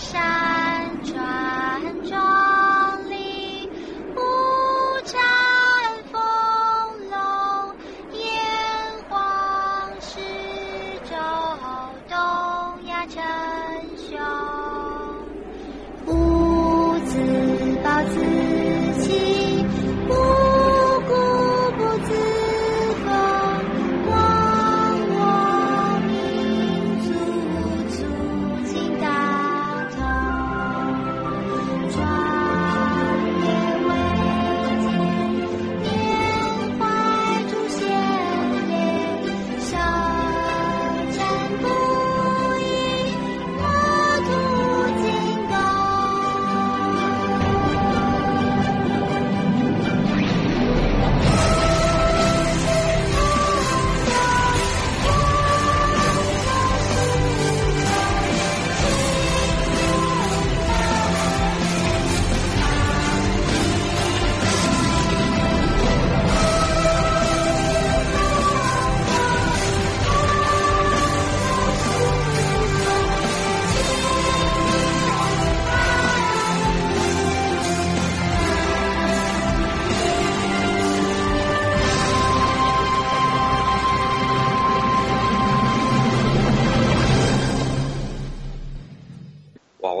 沙。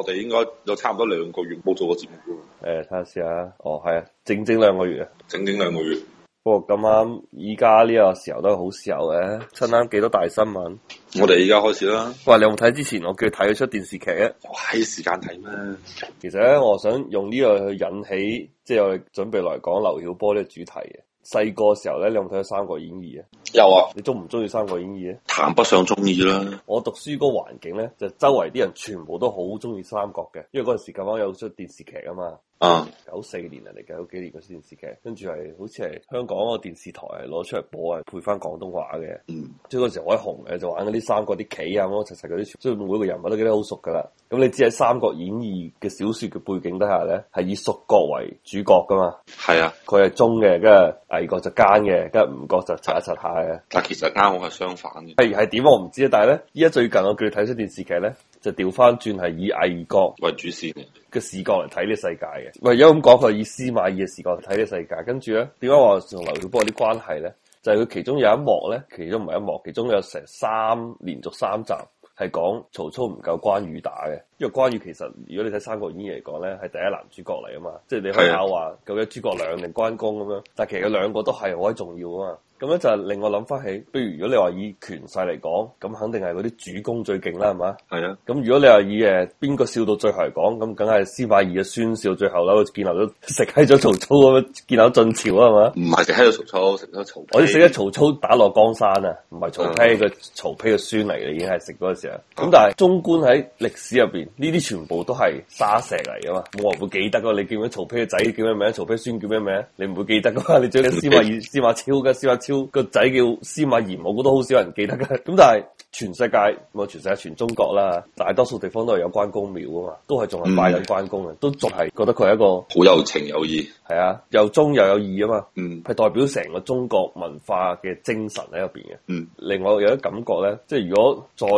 就應該有差唔多兩個月冇做過節目誒，睇下試下。哦，係啊，整整兩個月啊，整整兩個月。不過咁啱，依家呢個時候都係好時候嘅，趁啱幾多大新聞。我哋而家開始啦。喂，你有冇睇之前我叫你睇嗰出電視劇啊？我喺時間睇咩？其實咧，我想用呢個去引起，即係我哋準備來講劉曉波呢個主題嘅。細個嘅時候咧,你有冇睇過《三國演義》啊？有啊，你中唔中意《三國演義》啊？談不上中意啦。我讀書嗰個環境咧,就周圍啲人全部都好中意三國嘅，因為嗰陣時咁啱有出電視劇啊嘛。啊，九四，uh, 年啊嚟嘅，九幾年嗰出電視劇，跟住係好似係香港個電視台攞出嚟播，係配翻廣東話嘅。嗯，即係嗰時好紅嘅，就玩嗰啲三國啲棋啊，我乜柒嗰啲，所以每個人物都記得好熟噶啦。咁你知喺《三國演義》嘅小說嘅背景底下咧，係以蜀國為主角噶嘛？係啊，佢係忠嘅，跟住魏國就奸嘅，跟住吳國就雜一雜下嘅。但其實啱我係相反嘅。係係點我唔知啊，但係咧依家最近我叫你睇出電視劇咧。就調翻轉，係以魏國為主線嘅視角嚟睇呢世界嘅，而家咁講，佢以司馬懿嘅視角嚟睇呢世界。呢跟住咧，點解話同劉曉波啲關係咧？就係、是、佢其中有一幕咧，其中唔係一幕，其中有成三連續三集係講曹操唔夠關羽打嘅。因為關羽其實，如果你睇三國演義嚟講咧，係第一男主角嚟啊嘛，即係你可以話究竟諸葛亮定關公咁樣，但係其實兩個都係好重要啊嘛。咁咧就令我諗翻起，譬如如果你話以權勢嚟講，咁肯定係嗰啲主公最勁啦，係嘛？係是啊。咁如果你話以誒邊個笑到最後嚟講，咁梗係司馬懿嘅孫笑最後啦，好似建立咗食喺咗曹操咁，建立咗晉朝啦，係嘛？唔係食喺咗曹操，食咗曹。曹我哋食咗曹操打落江山啊，唔係曹丕嘅、嗯、曹丕嘅孫嚟，已經係食嗰陣時啊。咁、嗯、但係縱觀喺歷史入邊，呢啲全部都係沙石嚟啊嘛，冇人會記得㗎。你記唔記得曹丕嘅仔叫咩名？曹丕孫叫咩名？你唔會記得噶嘛？你將啲司馬懿、司馬超嘅、司馬個仔叫司馬炎，我覺得好少人記得嘅，咁但係。全世界，咁啊全世界全中國啦，大多數地方都係有關公廟啊嘛，都係仲係拜緊關公嘅，嗯、都仲係覺得佢係一個好有情有義，係啊，又忠又有義啊嘛，係、嗯、代表成個中國文化嘅精神喺入邊嘅。嗯、另外有啲感覺咧，即係如果再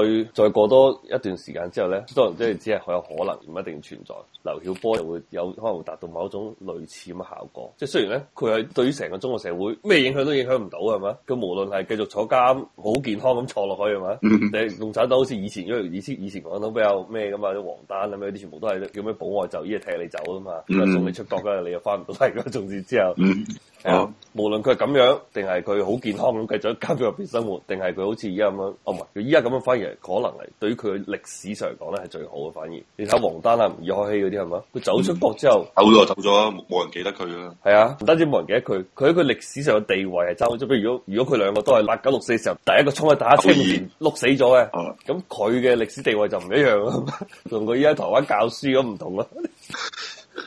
再過多一段時間之後咧，多人即係只係好有可能唔一定存在。劉曉波就會有可能會達到某種類似咁嘅效果。即係雖然咧，佢係對於成個中國社會咩影響都影響唔到係嘛？佢無論係繼續坐監好健康咁坐落去係嘛？你係共產黨好似以前，因為以前以前講到比較咩噶嘛，啲王丹啊咩啲，全部都係叫咩保外就醫，踢你走噶嘛，送你出國噶，你又翻唔到嚟噶，從此之後。嗯啊！Yeah, uh, 無論佢係咁樣，定係佢好健康咁繼續喺監獄入邊生活，定係佢好似而家咁樣？哦，唔係佢依家咁樣反而可能係對於佢嘅歷史上講咧係最好嘅。反而你睇王丹啦、吾爾開希嗰啲係嘛？佢走出國之後走咗，走咗冇人記得佢啦。係啊，唔單止冇人記得佢，佢喺佢歷史上嘅地位係爭好咗。如果如果佢兩個都係八九六四嘅時候，第一個衝去打青年碌死咗嘅，咁佢嘅歷史地位就唔一樣啦。同佢依家台灣教書都唔同啦。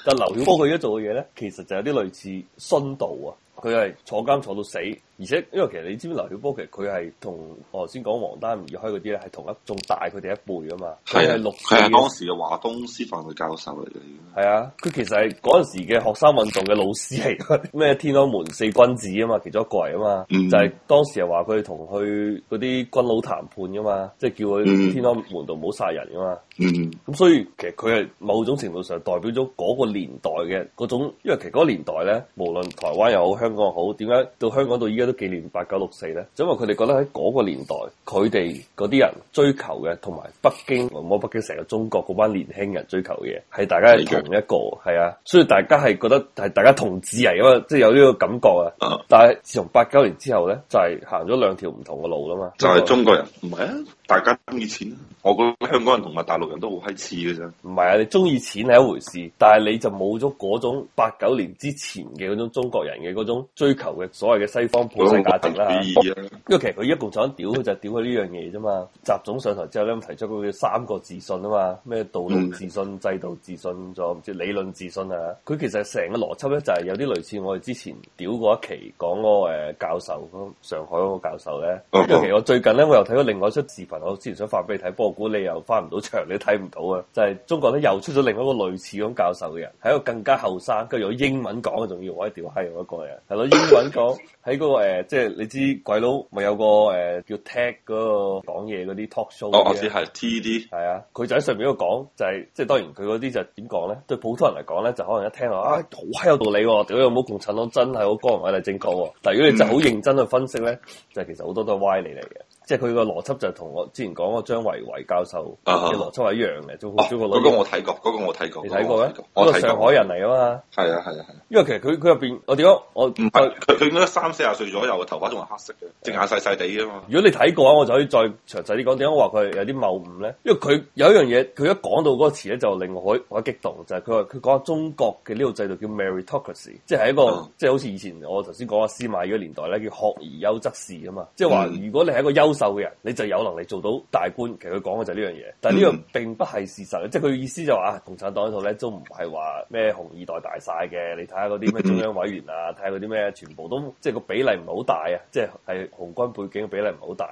就劉曉波佢而家做嘅嘢咧，其實就有啲類似殉道啊！佢係坐監，坐到死。而且因為其實你知唔知劉曉波其實佢係同我頭先講王丹而開嗰啲咧係同一仲大佢哋一輩噶嘛，佢係六四嘅，係啊，當時嘅華東師範嘅教授嚟嘅，係啊，佢其實係嗰陣時嘅學生運動嘅老師嚟，咩天安門四君子啊嘛，其中一個嚟啊嘛、嗯、嘛，就係當時係話佢同去嗰啲軍佬談判噶嘛，即係叫佢天安門度唔好殺人噶嘛，咁、嗯、所以其實佢係某種程度上代表咗嗰個年代嘅嗰種，因為其實嗰個年代咧，無論台灣又好香港又好，點解到香港到依家？都紀念八九六四咧，因為佢哋覺得喺嗰個年代，佢哋嗰啲人追求嘅，同埋北京同埋北京成個中國嗰班年輕人追求嘅，嘢，係大家同一個，係的啊，所以大家係覺得係大家同志嚟，因為即係有呢個感覺啊。啊但係自從八九年之後咧，就係行咗兩條唔同嘅路啦嘛。就係中國人唔係啊，大家中意錢啊，我覺得香港人同埋大陸人都好閪似嘅啫。唔係啊，你中意錢係一回事，但係你就冇咗嗰種八九年之前嘅嗰種中國人嘅嗰種追求嘅所謂嘅西方。本身價值啦嚇，因為其實佢一共想屌就係屌佢呢樣嘢啫嘛。習總上台之後咧，提出佢三個自信啊嘛，咩道路自信、制度自信咗，唔知理論自信啊。佢其實成個邏輯咧，就係有啲類似我哋之前屌過一期講嗰誒教授，上海嗰個教授咧。嗰期，嗯、我最近咧，我又睇到另外一出視頻，我之前想發俾你睇，不過估你又翻唔到場，你睇唔到啊。就係、是，中國咧又出咗另一個類似咁教授嘅人，係一個更加後生，跟住有英文講嘅仲要，我屌閪我一個人，係咯，英文講喺嗰個 誒、呃，即係你知鬼佬咪有個誒、呃、叫 TED 嗰個講嘢嗰啲 talk show，我我知係 TED，係啊，佢、哦、就喺上邊度講，就係、是、即係當然佢嗰啲就點講咧？對普通人嚟講咧，就可能一聽啊，好、哎、閪有道理、哦，屌有冇共產黨真係好光明偉大正確？但係如果你就好認真去分析咧，就、嗯、其實好多都係歪理嚟嘅。即係佢個邏輯就同我之前講個張維維教授嘅、uh huh. 邏輯係一樣嘅，做、oh, 做個女。嗰、哦那個我睇過，嗰、那個、我睇過，你睇過咩？我睇過。上海人嚟啊嘛。係啊，係啊，係。因為其實佢佢入邊，我點解？我唔係佢佢應該三四廿歲左右啊，頭髮都係黑色嘅，隻、uh huh. 眼細細地啊嘛。如果你睇過啊，我就可以再詳細啲講點解話佢有啲謬誤咧。因為佢有一樣嘢，佢一講到嗰個詞咧，就令我好我激動，就係佢話佢講中國嘅呢套制度叫 Meritocracy，即係一個即係、就是 uh huh. 好似以前我頭先講阿司馬爾年代咧叫學而優則仕啊嘛，即係話如果你係一個優秀嘅人，你就有能力做到大官。其實佢講嘅就係呢樣嘢，但係呢樣並不係事實。即係佢意思就話，共產黨嗰套咧都唔係話咩紅二代大晒嘅。你睇下嗰啲咩中央委員啊，睇下嗰啲咩，全部都即係個比例唔係好大啊。即係係紅軍背景嘅比例唔係好大。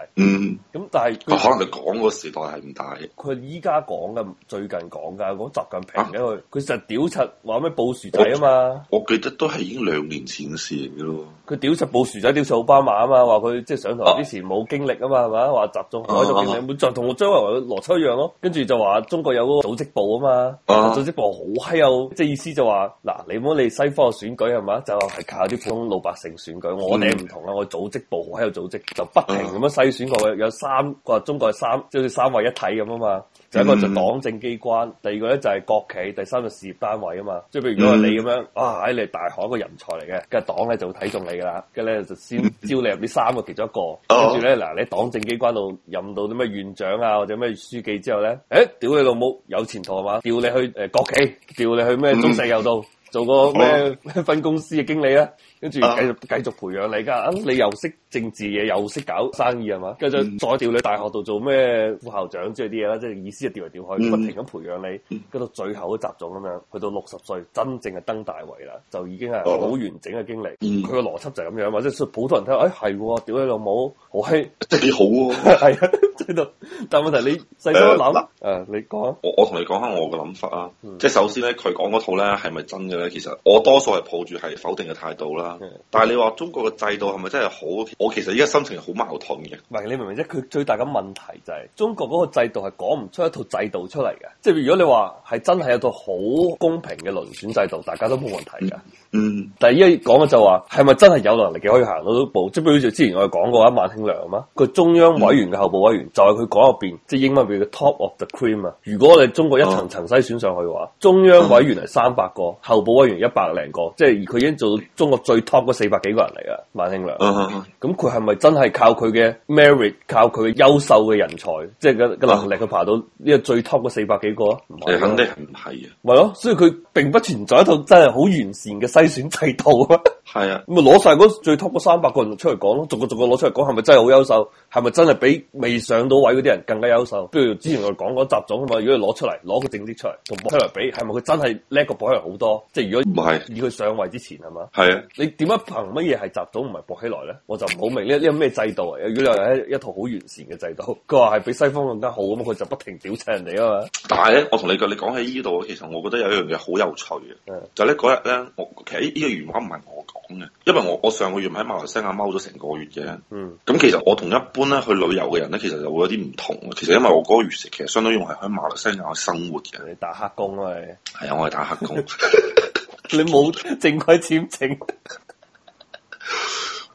咁但係，可能佢講個時代係唔大。佢依家講嘅，最近講㗎，講習近平嘅。佢佢實屌柒話咩布殊仔啊嘛。我記得都係已經兩年前嘅事咯。佢屌柒布殊仔，屌柒奧巴馬啊嘛，話佢即係上台之前冇經歷啊。嘛係嘛，話集中，我喺度證明，就同張維為嘅邏輯一樣咯。跟住就話中國有個組織部啊嘛，嗯、啊組織部好嗨哦。即係意思就話，嗱，你唔好理西方嘅選舉係嘛，就係靠啲普通老百姓選舉。我哋唔同啦，嗯、我組織部好有組織，就不停咁樣篩選過。我有有三個中國係三，即好似三位一體咁啊嘛。就一個就黨政機關，第二個咧就係國企，第三就事業單位啊嘛。即係譬如如果係你咁樣，啊，喺你大學一個人才嚟嘅，跟住黨咧就會睇中你噶啦，跟住咧就先招你入呢三個其中一個，跟住咧嗱你黨。黨政機關度任到啲咩院長啊，或者咩書記之後咧，誒、欸，屌你老母有前途係嘛？調你去誒、呃、國企，調你去咩中石油度做個咩分公司嘅經理啦。跟住繼續繼續培養你，而、啊、你又識政治嘢，又識搞生意係嘛？跟住再調你大學度做咩副校長之類啲嘢啦，即係意思係調嚟調去，不停咁培養你，跟、嗯、到最後都集眾咁樣，去到六十歲真正嘅登大位啦，就已經係好完整嘅經歷。佢個邏輯就係咁樣，或者普通人睇，誒，係喎，屌你老母，好閪，幾好喎，係啊，喺度。但問題你細心諗，誒、呃啊、你講，我我同你講下我嘅諗法啊，嗯嗯、即係首先咧，佢講嗰套咧係咪真嘅咧？其實我多數係抱住係否定嘅態度啦。但係你話中國嘅制度係咪真係好？我其實依家心情係好矛盾嘅。唔係，你明唔明，即佢最大嘅問題就係、是、中國嗰個制度係講唔出一套制度出嚟嘅。即、就、係、是、如果你話係真係有套好公平嘅輪選制度，大家都冇問題嘅。嗯，但係依家講嘅就話係咪真係有能力嘅可以行到一步？即係好似之前我哋講過阿萬慶良啊嘛，佢中央委員嘅候補委員、嗯、就係佢講入邊，即係英文叫做 top of the cream 啊。如果我哋中國一層層篩選上去嘅話，啊、中央委員係三百個，候補、嗯、委員一百零個，即係而佢已經做到中國最。top 嗰四百幾個人嚟噶，萬慶良，咁佢係咪真係靠佢嘅 merit，靠佢嘅優秀嘅人才，即係個個能力，去、uh huh. 爬到呢個最 top 嗰四百幾個啊？唔係，肯定唔係啊？係咯 的，所以佢並不存在一套真係好完善嘅篩選制度啊。係 啊 的，咁咪攞晒嗰最 top 嗰三百個人出嚟講咯，逐個逐個攞出嚟講，係咪真係好優秀？係咪真係比未上到位嗰啲人更加優秀？譬如之前我哋講嗰雜種啊嘛，如果佢攞出嚟，攞個成績出嚟同出嚟比，係咪佢真係叻過普通人好多？即係如果唔係，以佢上位之前係嘛？係啊，你。點解憑乜嘢係習總唔係薄熙來咧？我就唔好明呢呢個咩制度嚟嘅！原來係一一套好完善嘅制度。佢話係比西方更加好咁，佢就不停屌晒人哋啊嘛！但係咧，我同你講，你講喺呢度，其實我覺得有一樣嘢好有趣嘅。嗯、就咧嗰日咧，我其實呢個原話唔係我講嘅，因為我我上個月喺馬來西亞踎咗成個月嘅。咁、嗯、其實我同一般咧去旅遊嘅人咧，其實就會有啲唔同，其實因為我嗰個月食，其實相當於我係喺馬來西亞生活嘅。你打黑工啊？你？係啊，我係打黑工。 你冇正規簽證。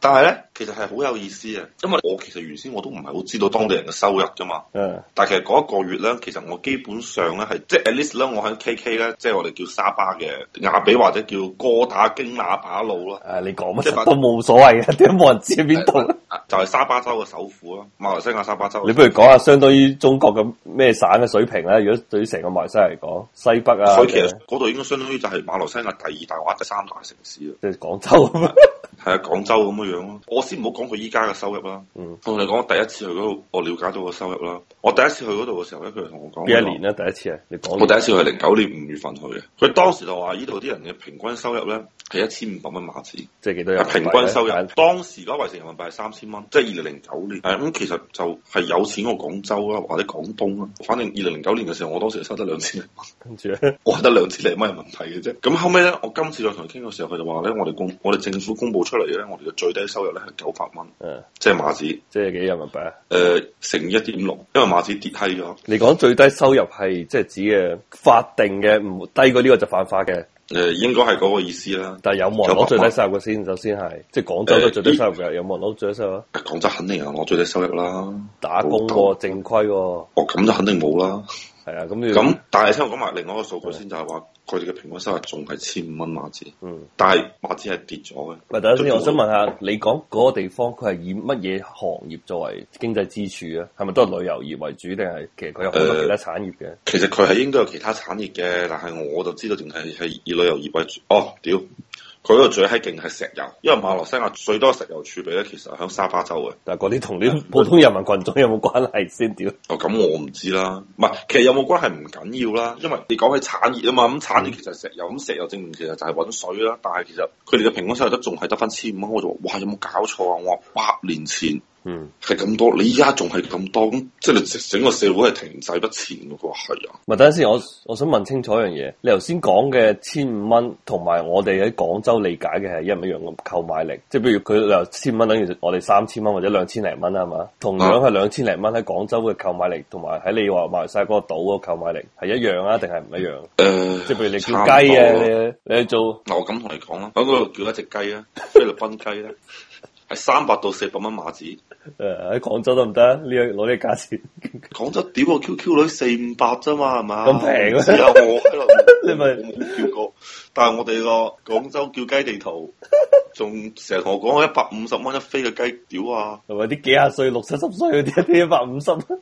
但係咧，其實係好有意思啊，因為我其實原先我都唔係好知道當地人嘅收入啫嘛。嗯。但係其實嗰一個月咧，其實我基本上咧係，即係 at least 咧，我喺 KK 咧，即係我哋叫沙巴嘅亞庇或者叫哥打京那巴魯咯。誒、啊，你講乜，我都冇所謂嘅，點解冇人知喺邊度？就係、是、沙巴州嘅首府咯，馬來西亞沙巴州。你不如講下相當於中國嘅咩省嘅水平咧？如果對於成個馬來西亞嚟講，西北啊，所以其實嗰度是應該相當於就係馬來西亞第二大或者三大城市咯，即係廣州啊嘛。 係啊，廣州咁嘅樣咯，我先唔好講佢依家嘅收入啦。我同、嗯、你講，我第一次去嗰度，我了解到個收入啦。我第一次去嗰度嘅時候咧，佢就同我講：幾一年咧？第一次啊，你講。我第一次係零九年五月份去嘅。佢當時就話：呢度啲人嘅平均收入咧係一千五百蚊馬幣，1, 次即係幾多人民幣咧？平均收入。但當時嗰個位成人民幣係三千蚊，即係二零零九年。係、嗯、咁其實就係有錢過廣州啊，或者廣東啊，反正二零零九年嘅時候，我當時係收得兩千，跟住咧，我得兩千零蚊有問題嘅啫。咁後尾咧，我今次再同佢傾嘅時候，佢就話咧：我哋公，我哋政府公布。出嚟咧，我哋嘅最低收入咧係九百蚊，嗯，即係馬子，即係幾人民幣啊？誒，乘一點五六，因為馬子跌低咗。你講最低收入係即係指嘅法定嘅，唔低過呢個就犯法嘅。誒，應該係嗰個意思啦。但係有冇攞最低收入嘅先？首先係，即係廣州都最低收入有冇人攞最低收入？廣州肯定有人攞最低收入啦。打工喎，正規喎。哦，咁就肯定冇啦。係啊，咁咁，但係聽我講埋另外一個數據先，就係話。佢哋嘅平均收入仲係千五蚊馬仔，嗯，但係馬仔係跌咗嘅。喂，等，等下先，我想問下，嗯、你講嗰個地方，佢係以乜嘢行業作為經濟支柱啊？係咪都係旅遊業為主，定係其實佢有好多其他產業嘅、呃？其實佢係應該有其他產業嘅，但係我就知道，淨係係以旅遊業為主。哦，屌！佢嗰個最閪勁係石油，因為馬來西亞最多石油儲備咧，其實喺沙巴州嘅。但係嗰啲同啲普通人民群眾有冇關係先？點？ 哦，咁我唔知啦。唔係，其實有冇關係唔緊要啦。因為你講起產業啊嘛，咁產業其實石油，咁、嗯、石油證明其實就係揾水啦。但係其實佢哋嘅平均收入都仲係得翻千五蚊，我就話，哇，有冇搞錯啊？我話百年前。嗯，係咁多，你依家仲係咁多，咁即係你整個社會係停滯不前咯。佢話係啊，咪等陣先，我我想問清楚一樣嘢。你頭先講嘅千五蚊，同埋我哋喺廣州理解嘅係一唔一樣嘅購買力？即係譬如佢又千五蚊，等於我哋三千蚊或者兩千零蚊啦，係嘛？同樣係兩千零蚊喺廣州嘅購買力，同埋喺你話賣晒嗰個島嘅購買力係一樣啊？定係唔一樣？誒、呃，即係譬如你叫雞啊，你，你去做，嗱我咁同你講啦，喺嗰度叫一隻雞啦，菲律賓雞啦。係三百到四百蚊碼子，誒喺廣州得唔得啊？呢樣攞呢個價錢，廣 州屌個、啊、Q Q 女四五百啫嘛，係嘛？咁平啊！而家、啊、我喺度，你咪冇叫過，但係我哋個廣州叫雞地圖，仲成日同我講一百五十蚊一飛嘅雞屌啊！同埋啲幾廿歲、六七十,十歲嗰啲，一飛一百五十蚊。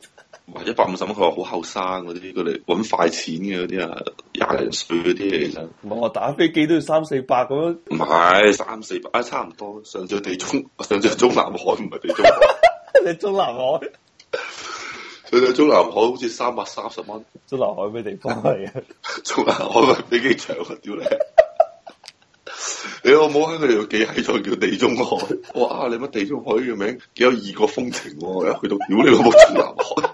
話一百五十蚊，佢話好後生嗰啲，佢嚟搵快錢嘅嗰啲啊，廿零歲嗰啲嚟嘅。其實唔係，我打飛機都要三四百咁樣。唔係三四百，啊差唔多，上咗地中，上咗中南海唔係地中，你中南海，上咗中， 中南海好似三百三十蚊。中南海咩地方嚟啊？中南海個飛 機場啊屌你！你、 哎、我冇喺佢哋度記喺度叫地中海。哇，你乜地中海嘅名，幾有異國風情、啊。又去到屌你個冇中南海。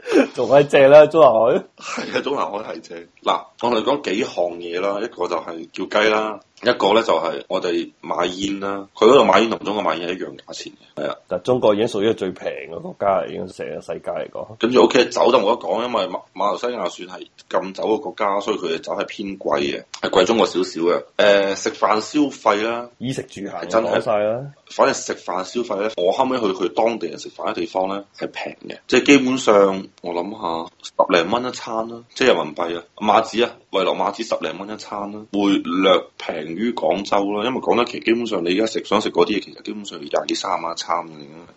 仲係借啦，中南海係啊， 中南海係借。嗱。我哋講幾項嘢啦，一個就係叫雞啦，一個咧就係我哋買煙啦。佢嗰度買煙同中國買煙一樣價錢嘅，係啊。但係中國已經屬於最平嘅國家嚟，已經成個世界嚟講。跟住屋企酒都冇得講，因為馬馬來西亞算係禁酒嘅國家，所以佢嘅酒係偏貴嘅，係貴中國少少嘅。誒、呃，食飯消費啦，衣食住行真係貴啦。了反正食飯消費咧，我後尾去佢當地人食飯嘅地方咧，係平嘅，即係基本上。我諗下十零蚊一餐啦，即係人民幣啊，馬子啊，維羅馬子十零蚊一餐啦，會略平於廣州啦，因為講得其實基本上你而家食想食嗰啲嘢，其實基本上廿幾三蚊一餐咁、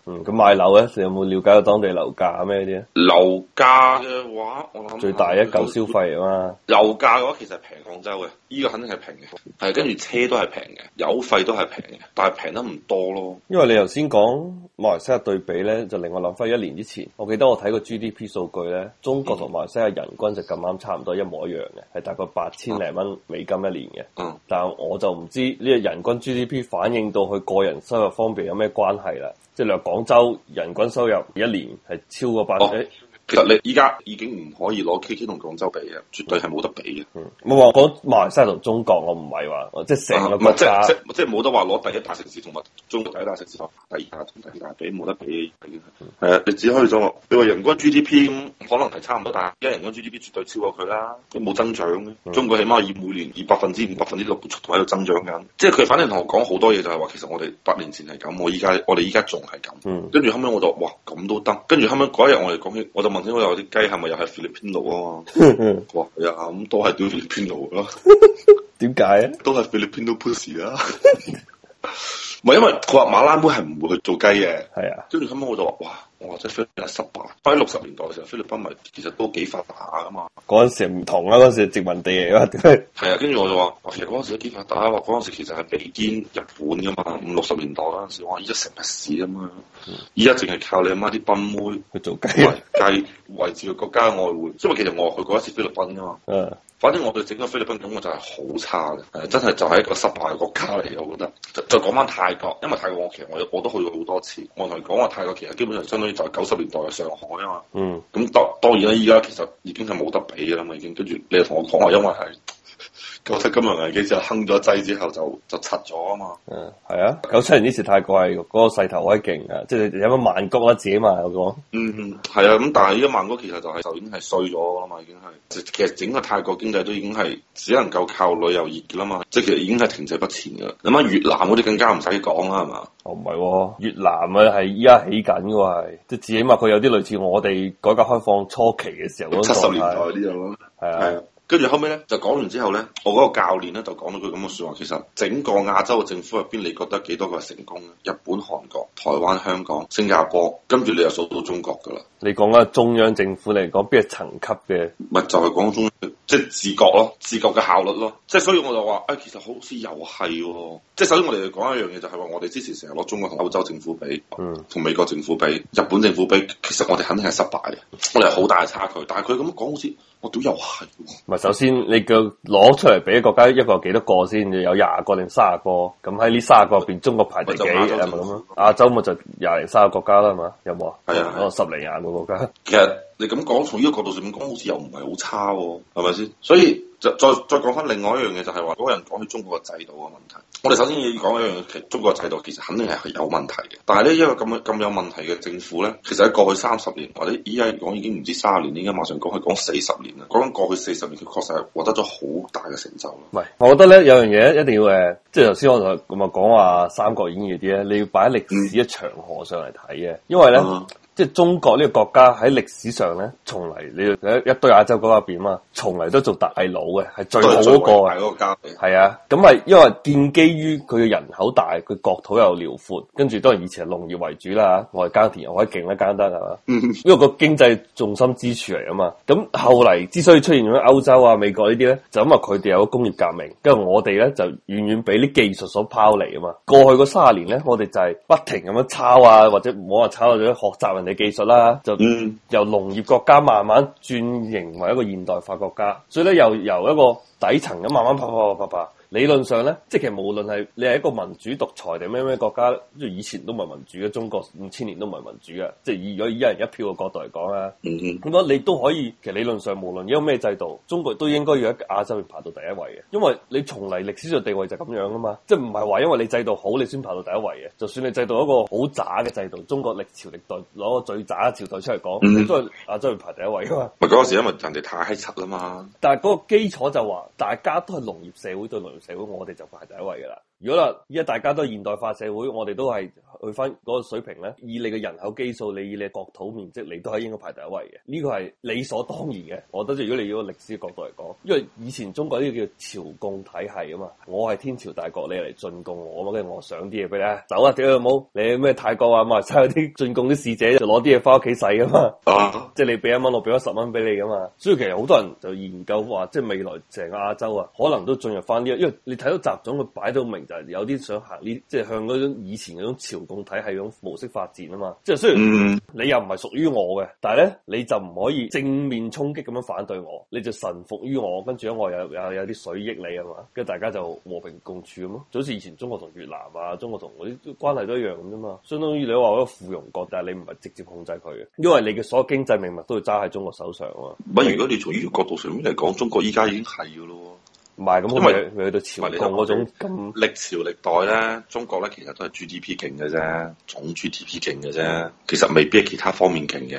嗯、賣樓咧，你有冇了解到當地樓價咩啲啊？樓價嘅話，我諗最大一嚿消費啊嘛。樓價嘅話，其實平廣州嘅，依、這個肯定係平嘅。係，跟住車都係平嘅，油費都係平嘅， 但係平得唔多咯。因為你頭先講馬來西亞對比咧，就令我諗翻一年之前，我記得我睇過 GDP。數據咧，中國同馬來西亞人均就咁啱差唔多一模一樣嘅，係大概八千零蚊美金一年嘅。但係我就唔知呢個人均 GDP 反映到佢個人收入方面有咩關係啦。即係你話廣州人均收入一年係超過八千。哦。其實你依家已經唔可以攞 K K 同廣州比嘅，絕對係冇得比嘅。唔好話講馬來西亞同中國我，我唔係話，即係成日，即係即係冇得話攞第一大城市同埋中國第一大城市第二大同第二大比，冇得比嘅。係啊、嗯，你只可以講話你話人均 G D P 可能係差唔多，但係一人均 G D P 絕對超過佢啦。都冇增長嘅，嗯、中國起碼以每年以百分之五、百分之六嘅速度喺度增長緊。即係佢反正同我講好多嘢，就係話其實我哋八年前係咁，我依家我哋依家仲係咁。跟住、嗯、後尾我就哇。嘩咁都得，跟住後尾嗰一日我哋講起，我就問起我有啲雞係咪又係菲律賓奴啊嘛， 哇，咁都係屌菲律賓奴咯，點解咧？都係菲律賓奴 pussy 啦，唔 係因為佢話馬拉妹係唔會去做雞嘅，係啊，跟住後尾我就話，哇！我即菲律賓係失敗，喺六十年代嘅時候，菲律賓咪其實都幾發達啊嘛！嗰陣時唔同啦，嗰陣時殖民地嚟噶。係啊，跟住我就話，其實嗰陣時幾發達啊嘛。嗰陣時其實係比肩日本噶嘛，五六十年代嗰陣時，我依家成日市啊嘛。依家淨係靠你阿媽啲賓妹去做、啊、計計維持個國家嘅外匯。因為其實我去過一次菲律賓啊嘛。嗯。反正我對整個菲律賓感覺就係好差嘅，真係就係一個失敗嘅國家嚟，我覺得。就講翻泰國，因為泰國我其實我我都去咗好多次，我同你講話泰國，其實，泰國其實基本上相當於。就係九十年代嘅上海啊嘛，嗯，咁當當然啦，依家其實已經係冇得比嘅啦嘛，已經跟住你又同我講話，因為係。九七金融危機就哼咗劑之後就就拆咗啊嘛。嗯，係啊。九七年呢時泰國係嗰個勢頭好勁啊，即係你有冇曼谷啊自己嘛嗰個？是是嗯，係啊。咁但係呢個曼谷其實就係、是、就已經係衰咗啦嘛，已經係其實整個泰國經濟都已經係只能夠靠旅遊業啦嘛。即係其實已經係停滯不前噶。咁、哦、啊，越南嗰啲更加唔使講啦，係嘛？哦，唔係，越南啊係依家起緊嘅，係即係起碼佢有啲類似我哋改革開放初期嘅時候七十年代啲咁咯。係啊。跟住後尾咧，就講完之後咧，我嗰個教練咧就講到佢咁嘅説話。其實整個亞洲嘅政府入邊，你覺得幾多個係成功？日本、韓國、台灣、香港、新加坡，跟住你又數到中國㗎啦。你講緊嘅中央政府嚟講，邊係層級嘅？咪就係講中央，即、就、係、是、自覺咯，自覺嘅效率咯。即係所以我就話，誒、哎、其實好似又係喎。即係首先我哋講一樣嘢、就是，就係話我哋之前成日攞中國同歐洲政府比，嗯，同美國政府比，日本政府比，其實我哋肯定係失敗嘅，我哋好大嘅差距。但係佢咁講好似。我都有限，唔係首先你嘅攞出嚟俾國家一個幾多個先？有廿個定卅個？咁喺呢卅個入邊，係中國排第幾啊？咪咁咯？亞洲咪就廿零卅個國家啦，係嘛？有冇啊？係啊，十零廿個國家。其實你咁講，從呢個角度上咁講，好似又唔係好差喎，係咪先？所以。再再講翻另外一樣嘢，就係話嗰個人講起中國嘅制度嘅問題。我哋首先要講一樣嘢，其實中國制度其實肯定係有問題嘅。但係呢一個咁咁有問題嘅政府咧，其實喺過去三十年，或者而家講已經唔止三十年，而家馬上講係講四十年啦。講緊過去四十年，佢確實係獲得咗好大嘅成就。唔係，我覺得咧有樣嘢一定要誒，即係頭先我同佢咪講話《三國演義》啲咧，你要擺喺歷史一長河上嚟睇嘅，嗯、因為咧。嗯嗯即係中國呢個國家喺歷史上咧，從嚟你一一堆亞洲國家入邊嘛，從嚟都做大佬嘅，係最好一個。係啊，咁係因為建基於佢嘅人口大，佢國土又遼闊，跟住都係以前農業為主啦。我哋耕田又可以勁得簡單係嘛， 因為個經濟重心支柱嚟，啊嘛。咁後嚟之所以出現咗歐洲啊、美國呢啲咧，就因為佢哋有個工業革命，跟住我哋咧就遠遠俾啲技術所拋離啊嘛。過去嗰卅年咧，我哋就係不停咁樣抄啊，或者唔好話，抄，或者學習。你技術啦，就由農業國家慢慢轉型為一個現代化國家，所以咧又由一個底層咁慢慢爬爬爬爬。理論上咧，即係其實無論係你係一個民主獨裁定咩咩國家，即以前都唔係民主嘅，中國五千年都唔係民主嘅。即係以咗果一人一票嘅角度嚟講啦，咁樣、嗯、哼你都可以，其實理論上無論有咩制度，中國都應該要喺亞洲排到第一位嘅。因為你從嚟歷史上地位就係咁樣啊嘛，即係唔係話因為你制度好你先排到第一位嘅，就算你制度一個好渣嘅制度，中國歷朝歷代攞個最渣嘅朝代出嚟講，嗯、你都係亞洲排第一位噶嘛。唔係嗰時，因為人哋太閪柒啦嘛。但係嗰個基礎就話，大家都係農業社會對農社會，我哋就排第一位噶啦。如果啦，依家大家都係現代化社會，我哋都係去翻嗰個水平咧。以你嘅人口基數，你以你嘅國土面積，你都係應該排第一位嘅。呢、這個係理所當然嘅。我覺得，如果你要個歷史角度嚟講，因為以前中國呢叫做朝貢體系啊嘛，我係天朝大國，你嚟進貢我攞嘛，跟住我賞啲嘢俾你，走啊屌老母，你咩泰國啊，馬來西亞啲進貢啲使者就攞啲嘢翻屋企使噶嘛，嘛啊、即係你俾一蚊，我俾咗十蚊俾你噶嘛。所以其實好多人就研究話，即係未來成個亞洲啊，可能都進入翻啲、這個，因為你睇到習總佢擺到明有啲想行呢，即係向嗰種以前嗰種朝貢體系嗰種模式發展啊嘛。即係雖然你又唔係屬於我嘅，但係咧你就唔可以正面衝擊咁樣反對我，你就臣服於我，跟住咧我又有有啲水益你啊嘛。跟住大家就和平共處咁咯。就好似以前中國同越南啊，中國同嗰啲關係都一樣咁啫嘛。相當於你話我一個附庸國，但係你唔係直接控制佢嘅，因為你嘅所有經濟命脈都要揸喺中國手上啊嘛。不過如果你從呢個角度上面嚟講，中國依家已經係噶咯。唔係咁，因為，因為去到朝代嗰種咁歷朝歷代咧，中國咧其實都係 GDP 勁嘅啫，總 GDP 勁嘅啫，其實未必係其他方面勁嘅。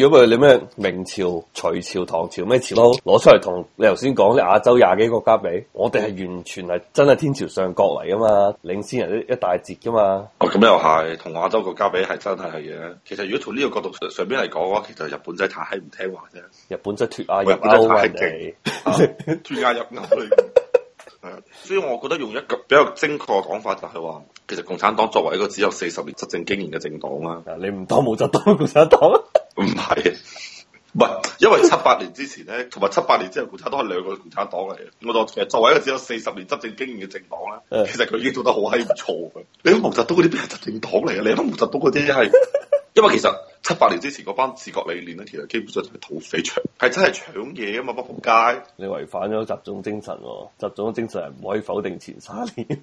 如果唔係你咩明朝、隋朝、唐朝咩朝咯，攞出嚟同你頭先講嘅亞洲廿幾個國家比，我哋係完全係真係天朝上國嚟噶嘛，領先人一大截噶嘛。咁、哦、又係同亞洲國家比係真係係嘅。其實如果從呢個角度上上邊嚟講嘅話，其實日本仔太閪唔聽話啫，日本仔脫亞入歐係勁，脫亞入歐。所以我覺得用一個比較精確嘅講法就係話，其實共產黨作為一個只有四十年執政經驗嘅政黨啦，你唔當毛澤東共產黨？唔 係，唔係，因為七八年之前咧，同埋七八年之後共產黨係兩個共產黨嚟嘅。我當其實作為一個只有四十年執政經驗嘅政黨咧， 其實佢已經做得好閪唔錯嘅。你睇毛澤東嗰啲邊係執政黨嚟嘅？你睇毛澤東嗰啲係， 因為其實。七八年之前嗰班治國理念咧，其實基本上就係土匪搶，係真係搶嘢啊嘛，北仆街。你違反咗集中精神、哦，集中精神係唔可以否定前三年。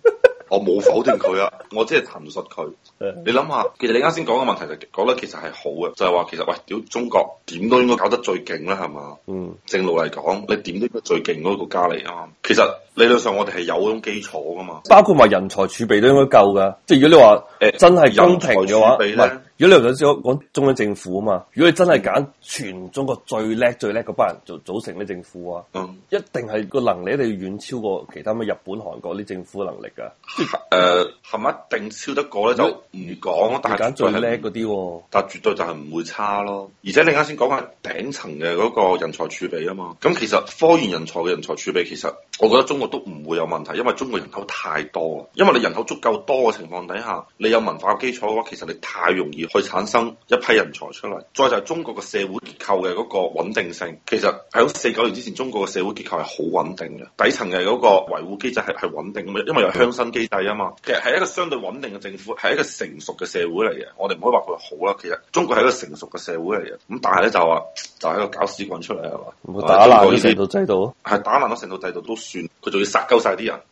我冇否定佢啊，我只係陳述佢。的你諗下，其實你啱先講嘅問題就講得其實係好嘅，就係、是、話其實喂，屌中國點都應該搞得最勁啦，係嘛？嗯，正路嚟講，你點都應該最勁嗰個國家嚟啊嘛。其實理論上我哋係有嗰種基礎噶嘛，包括埋人才儲備都應該夠噶。即係如果你話誒真係公平嘅話咧。如果你頭先講中央政府啊嘛，如果你真係揀全中國最叻最叻嗰班人就組成啲政府啊，嗯、一定係個能力一定要遠超過其他嘅日本、韓國啲政府嘅能力噶。誒、啊，係咪一定超得過咧？就唔講，嗯、但係揀最叻嗰啲，但係絕對就係唔會差咯。而且你啱先講緊頂層嘅嗰個人才儲備啊嘛。咁其實科研人才嘅人才儲備，其實我覺得中國都唔會有問題，因為中國人口太多啊。因為你人口足夠多嘅情況底下，你有文化基礎嘅話，其實你太容易。去產生一批人才出嚟，再就係中國嘅社會結構嘅嗰個穩定性。其實喺四九年之前，中國嘅社會結構係好穩定嘅，底層嘅嗰個維護機制係係穩定咁嘅，因為有鄉紳機制啊嘛。其實係一個相對穩定嘅政府，係一個成熟嘅社會嚟嘅。我哋唔可以話佢好啦，其實中國係一個成熟嘅社會嚟嘅。咁但係咧就話就係一個搞屎棍出嚟係嘛？打爛咗成套制度，係打爛咗成套制度都算，佢仲要殺鳩晒啲人。